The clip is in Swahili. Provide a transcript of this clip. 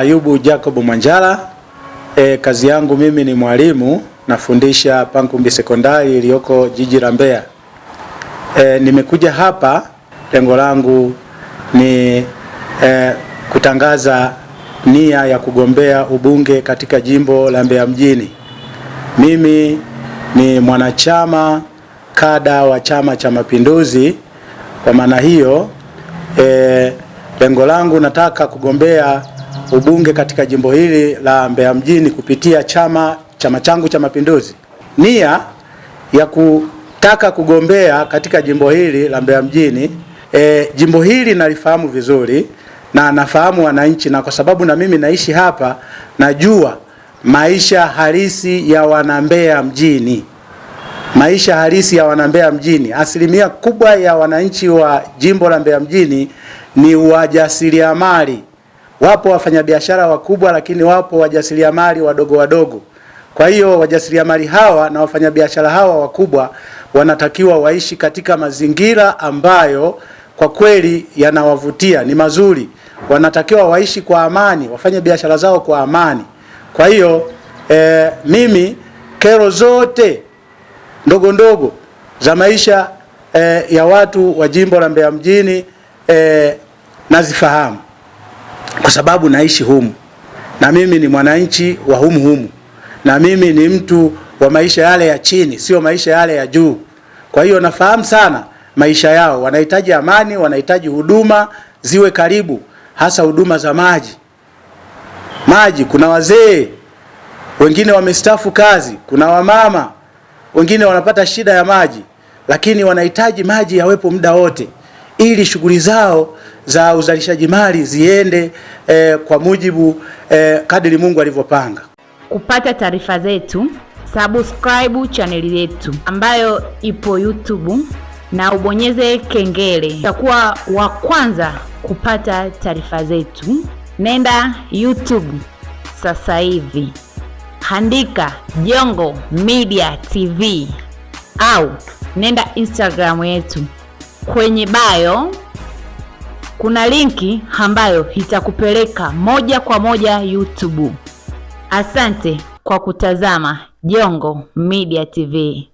Ayubu Jacob Mwanjala. E, kazi yangu mimi ni mwalimu nafundisha Pankumbi Sekondari iliyoko jiji la Mbeya. E, nimekuja hapa lengo langu ni e, kutangaza nia ya kugombea ubunge katika jimbo la Mbeya mjini. Mimi ni mwanachama kada wa Chama cha Mapinduzi. Kwa maana hiyo, e, lengo langu nataka kugombea ubunge katika jimbo hili la Mbeya mjini kupitia chama chama changu cha Mapinduzi, nia ya kutaka kugombea katika jimbo hili la Mbeya mjini. E, jimbo hili nalifahamu vizuri na nafahamu wananchi, na kwa sababu na mimi naishi hapa, najua maisha halisi ya wanambeya mjini maisha halisi ya wanambeya mjini. Asilimia kubwa ya wananchi wa jimbo la Mbeya mjini ni wajasiriamali Wapo wafanyabiashara wakubwa, lakini wapo wajasiriamali wadogo wadogo. Kwa hiyo wajasiriamali hawa na wafanyabiashara hawa wakubwa wanatakiwa waishi katika mazingira ambayo kwa kweli yanawavutia, ni mazuri. Wanatakiwa waishi kwa amani, wafanye biashara zao kwa amani. Kwa hiyo e, mimi kero zote ndogo ndogo za maisha e, ya watu wa jimbo la Mbeya mjini e, nazifahamu kwa sababu naishi humu na mimi ni mwananchi wa humu humu, na mimi ni mtu wa maisha yale ya chini, sio maisha yale ya juu. Kwa hiyo nafahamu sana maisha yao, wanahitaji amani, wanahitaji huduma ziwe karibu, hasa huduma za maji. Maji, kuna wazee wengine wamestafu kazi, kuna wamama wengine wanapata shida ya maji, lakini wanahitaji maji yawepo muda wote ili shughuli zao za uzalishaji mali ziende eh, kwa mujibu eh, kadiri Mungu alivyopanga. Kupata taarifa zetu, subscribe chaneli yetu ambayo ipo YouTube na ubonyeze kengele, utakuwa wa kwanza kupata taarifa zetu. Nenda YouTube sasa hivi, andika Jongo Media TV au nenda Instagram yetu kwenye bio kuna linki ambayo itakupeleka moja kwa moja YouTube. Asante kwa kutazama Jongo Media TV.